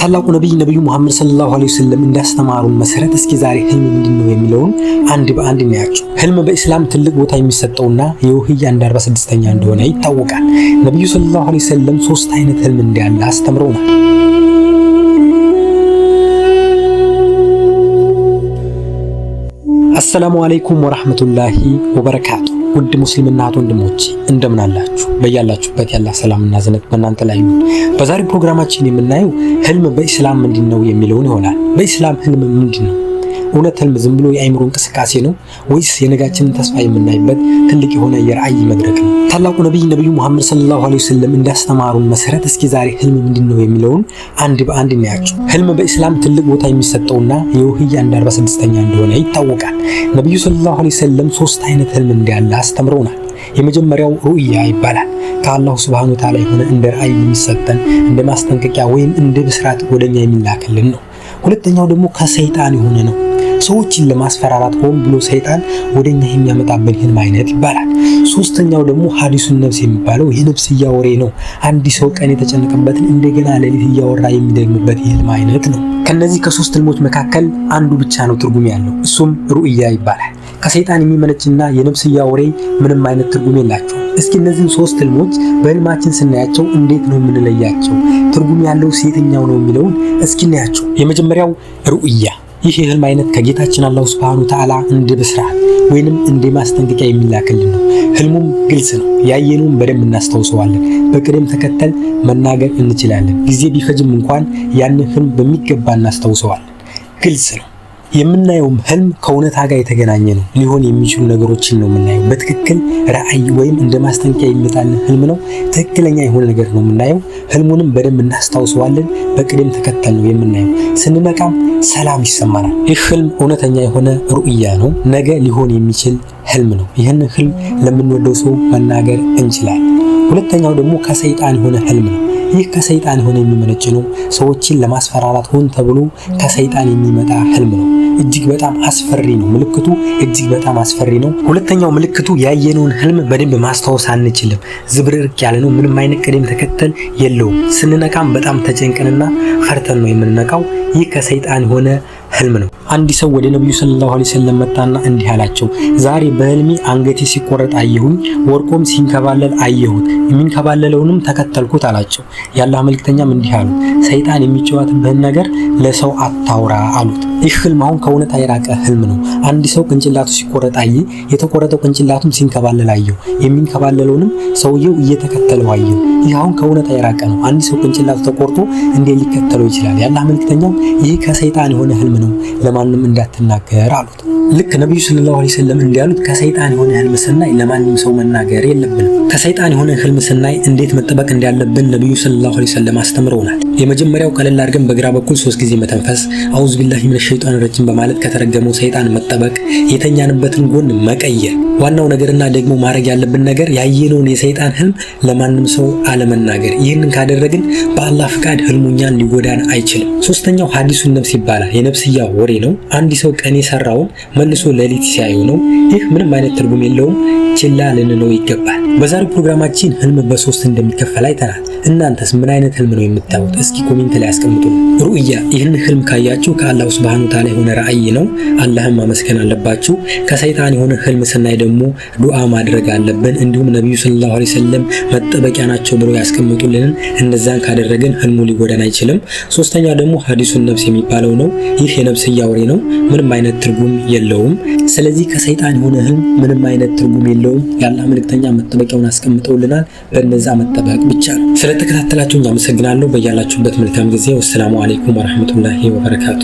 ታላቁ ነቢይ ነቢዩ ሙሐመድ ሰለላሁ ዐለይሂ ወሰለም እንዳስተማሩን መሰረት እስኪ ዛሬ ህልም ምንድን ነው የሚለውን አንድ በአንድ እናያቸው። ህልም በኢስላም ትልቅ ቦታ የሚሰጠውና የውህይ አንድ አርባ ስድስተኛ እንደሆነ ይታወቃል። ነቢዩ ሰለላሁ ዐለይሂ ወሰለም ሶስት አይነት ህልም እንዳለ ነው። አሰላሙ ዐለይኩም ወራህመቱላሂ ወበረካቱ ውድ ሙስሊም እናት ወንድሞች እንደምን አላችሁ? በያላችሁበት ያለ ሰላምና ዝነት በእናንተ ላይ ይሁን። በዛሬው ፕሮግራማችን የምናየው ህልም በኢስላም ምንድን ነው የሚለውን ይሆናል። በኢስላም ህልም ምንድን ነው? እውነት ህልም ዝም ብሎ የአእምሮ እንቅስቃሴ ነው ወይስ የነጋችንን ተስፋ የምናይበት ትልቅ የሆነ የራእይ መድረክ ነው? ታላቁ ነቢይ ነቢዩ ሙሐመድ ሰለላሁ ዐለይሂ ወሰለም እንዳስተማሩን መሰረት እስኪ ዛሬ ህልም ምንድን ነው የሚለውን አንድ በአንድ እናያቸው። ህልም በኢስላም ትልቅ ቦታ የሚሰጠውና የውህይ አንድ 46ኛ እንደሆነ ይታወቃል። ነቢዩ ሰለላሁ ዐለይሂ ወሰለም ሶስት አይነት ህልም እንዳለ አስተምረውናል። የመጀመሪያው ሩእያ ይባላል። ከአላሁ ስብሐነ ወተዓላ የሆነ እንደ ራእይ የሚሰጠን እንደ ማስጠንቀቂያ ወይም እንደ ብስራት ወደኛ የሚላክልን ነው። ሁለተኛው ደግሞ ከሰይጣን የሆነ ነው። ሰዎችን ለማስፈራራት ሆን ብሎ ሰይጣን ወደኛ የሚያመጣብን ህልም አይነት ይባላል። ሶስተኛው ደግሞ ሀዲሱን ነፍስ የሚባለው የነፍስያ ወሬ ነው። አንድ ሰው ቀን የተጨነቀበትን እንደገና ሌሊት እያወራ የሚደግምበት የህልም አይነት ነው። ከነዚህ ከሶስት ህልሞች መካከል አንዱ ብቻ ነው ትርጉም ያለው፣ እሱም ሩእያ ይባላል። ከሰይጣን የሚመነጭና የነፍስያ ወሬ ምንም አይነት ትርጉም የላቸው። እስኪ እነዚህን ሶስት ህልሞች በህልማችን ስናያቸው እንዴት ነው የምንለያቸው? ትርጉም ያለው ሴተኛው ነው የሚለውን እስኪ እናያቸው። የመጀመሪያው ሩእያ ይህ የህልም አይነት ከጌታችን አላሁ ስብሐኑ ተዓላ እንደ ብስራት ወይንም እንደ ማስጠንቀቂያ የሚላክልን ነው። ህልሙም ግልጽ ነው። ያየነውን በደንብ እናስታውሰዋለን። በቅደም ተከተል መናገር እንችላለን። ጊዜ ቢፈጅም እንኳን ያንን ህልም በሚገባ እናስታውሰዋለን። ግልጽ ነው። የምናየውም ህልም ከእውነታ ጋር የተገናኘ ነው። ሊሆን የሚችሉ ነገሮችን ነው የምናየው። በትክክል ራዕይ ወይም እንደ ማስጠንቀቂያ የሚመጣልን ህልም ነው። ትክክለኛ የሆነ ነገር ነው የምናየው። ህልሙንም በደንብ እናስታውሰዋለን። በቅደም ተከተል ነው የምናየው። ስንነቃም ሰላም ይሰማናል። ይህ ህልም እውነተኛ የሆነ ሩእያ ነው። ነገ ሊሆን የሚችል ህልም ነው። ይህንን ህልም ለምንወደው ሰው መናገር እንችላለን። ሁለተኛው ደግሞ ከሰይጣን የሆነ ህልም ነው። ይህ ከሰይጣን የሆነ የሚመነጭ ነው። ሰዎችን ለማስፈራራት ሆን ተብሎ ከሰይጣን የሚመጣ ህልም ነው። እጅግ በጣም አስፈሪ ነው። ምልክቱ እጅግ በጣም አስፈሪ ነው። ሁለተኛው ምልክቱ ያየነውን ህልም በደንብ ማስታወስ አንችልም። ዝብርርቅ ያለ ነው። ምንም አይነት ቅደም ተከተል የለውም። ስንነቃም በጣም ተጨንቀንና ፈርተን ነው የምንነቃው። ይህ ከሰይጣን የሆነ ህልም ነው። አንድ ሰው ወደ ነብዩ ሰለላሁ ዐለይሂ ወሰለም መጣና እንዲህ አላቸው፣ ዛሬ በህልሜ አንገቴ ሲቆረጥ አየሁኝ፣ ወርቆም ሲንከባለል አየሁት፣ የሚንከባለለውንም ተከተልኩት አላቸው። ያላህ መልክተኛም እንዲህ አሉ፣ ሰይጣን የሚጫወትብህን ነገር ለሰው አታውራ አሉት። ይህ ህልም አሁን ከእውነት የራቀ ህልም ነው። አንድ ሰው ቅንጭላቱ ሲቆረጥ አየ። የተቆረጠው ቅንጭላቱም ሲንከባለል አየው። የሚንከባለለውንም ሰውየው እየተከተለው አየው። ይህ አሁን ከእውነት የራቀ ነው። አንድ ሰው ቅንጭላቱ ተቆርጦ እንዴት ሊከተለው ይችላል? ያላ መልክተኛው ይህ ከሰይጣን የሆነ ህልም ነው፣ ለማንም እንዳትናገር አሉት። ልክ ነቢዩ ሰለላሁ ዐለይሂ ወሰለም እንዳሉት ከሰይጣን የሆነ ህልም ስናይ ለማንም ሰው መናገር የለብንም። ከሰይጣን የሆነ ህልም ስናይ እንዴት መጠበቅ እንዳለብን ነቢዩ ሰለላሁ ዐለይሂ ወሰለም አስተምረውናል። የመጀመሪያው ቀለል አድርገን በግራ በኩል ሶስት ጊዜ መተንፈስ፣ አውዝ ቢላሂ ሚነ ሸይጣን ረጅም በማለት ከተረገመው ሰይጣን መጠበቅ፣ የተኛንበትን ጎን መቀየር ዋናው ነገርና ደግሞ ማድረግ ያለብን ነገር ያየነውን የሰይጣን ህልም ለማንም ሰው አለመናገር። ይህንን ካደረግን በአላህ ፍቃድ ህልሙኛን ሊጎዳን አይችልም። ሶስተኛው ሀዲሱን ነፍስ ይባላል። የነፍስያ ወሬ ነው። አንድ ሰው ቀን የሰራውን መልሶ ሌሊት ሲያዩ ነው። ይህ ምንም አይነት ትርጉም የለውም፣ ችላ ልንለው ይገባል። በዛሬው ፕሮግራማችን ህልም በሶስት እንደሚከፈል አይተናል። እናንተስ ምን አይነት ህልም ነው የምታዩት? እስኪ ኮሜንት ላይ አስቀምጡ። ሩእያ ይህን ህልም ካያችሁ ከአላሁ ስብሃኑ ተዓላ የሆነ ራእይ ነው። አላህም ማመስገን አለባችሁ። ከሰይጣን የሆነ ህልም ስናይ ደግሞ ደግሞ ዱዓ ማድረግ አለብን። እንዲሁም ነቢዩ ሰለላሁ ዐለይሂ ወሰለም መጠበቂያ ናቸው ብሎ ያስቀምጡልንን እነዛን ካደረግን ህልሙ ሊጎዳን አይችልም። ሶስተኛ ደግሞ ሀዲሱን ነብስ የሚባለው ነው። ይህ የነፍስያ ወሬ ነው፣ ምንም አይነት ትርጉም የለውም። ስለዚህ ከሰይጣን የሆነ ህልም ምንም አይነት ትርጉም የለውም። ያላ መልእክተኛ መጠበቂያውን አስቀምጠውልናል፣ በነዛ መጠበቅ ብቻ ነው። ስለተከታተላችሁ አመሰግናለሁ። በያላችሁበት መልካም ጊዜ። ወሰላሙ አለይኩም ወረህመቱላሂ ወበረካቱ